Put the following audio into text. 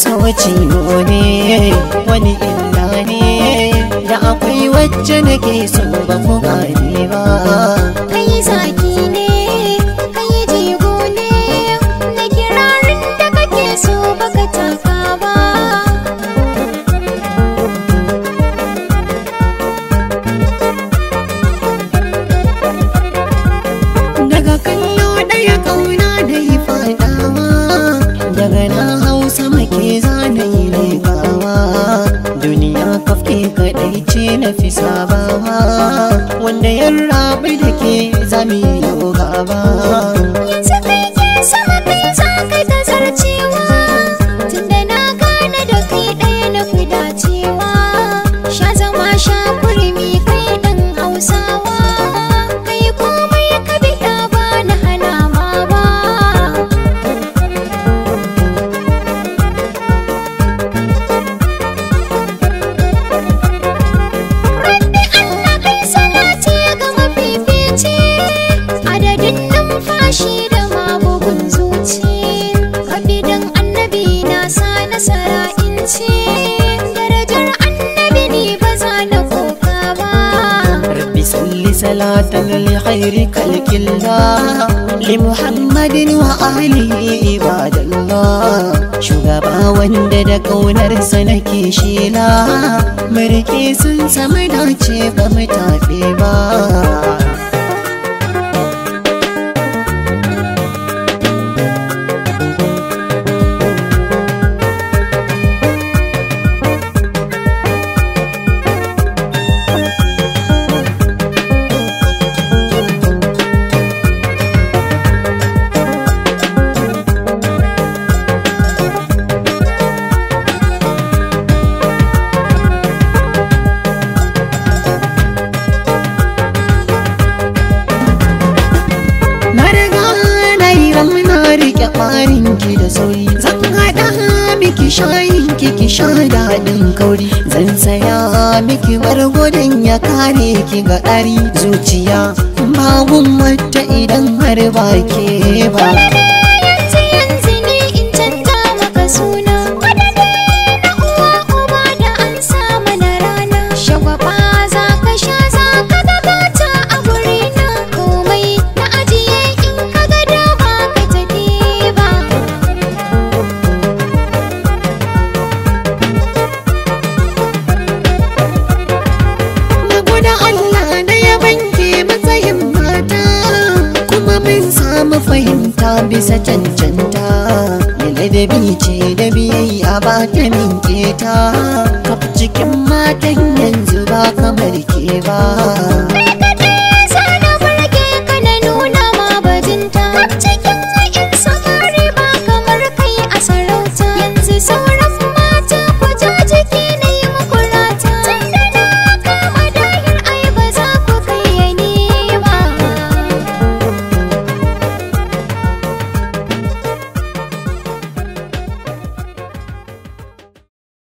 Sawaci ne wani illa da akwai wacce nake son ba ku gani. ce na fi sabawa wanda yan rabu da ke zami yau gaba ce darajar annabi ne ba za na koka ba rabbi salli salatan lil khairi kalkillah li muhammadin wa ahlihi ibadallah shugaba wanda da kaunarsa nake shila. marke sun sami dace ba mu tafe ba barin ki da sauri zan haɗa miki shayin ki ki sha daɗin kauri zan saya miki margodin ya kare ki ga ɗari zuciya ba gummata idan har ba ke ba ta cancanta ladabi ce da biyayya ba ta minke ta kaf cikin matan yanzu ba kamar ke ba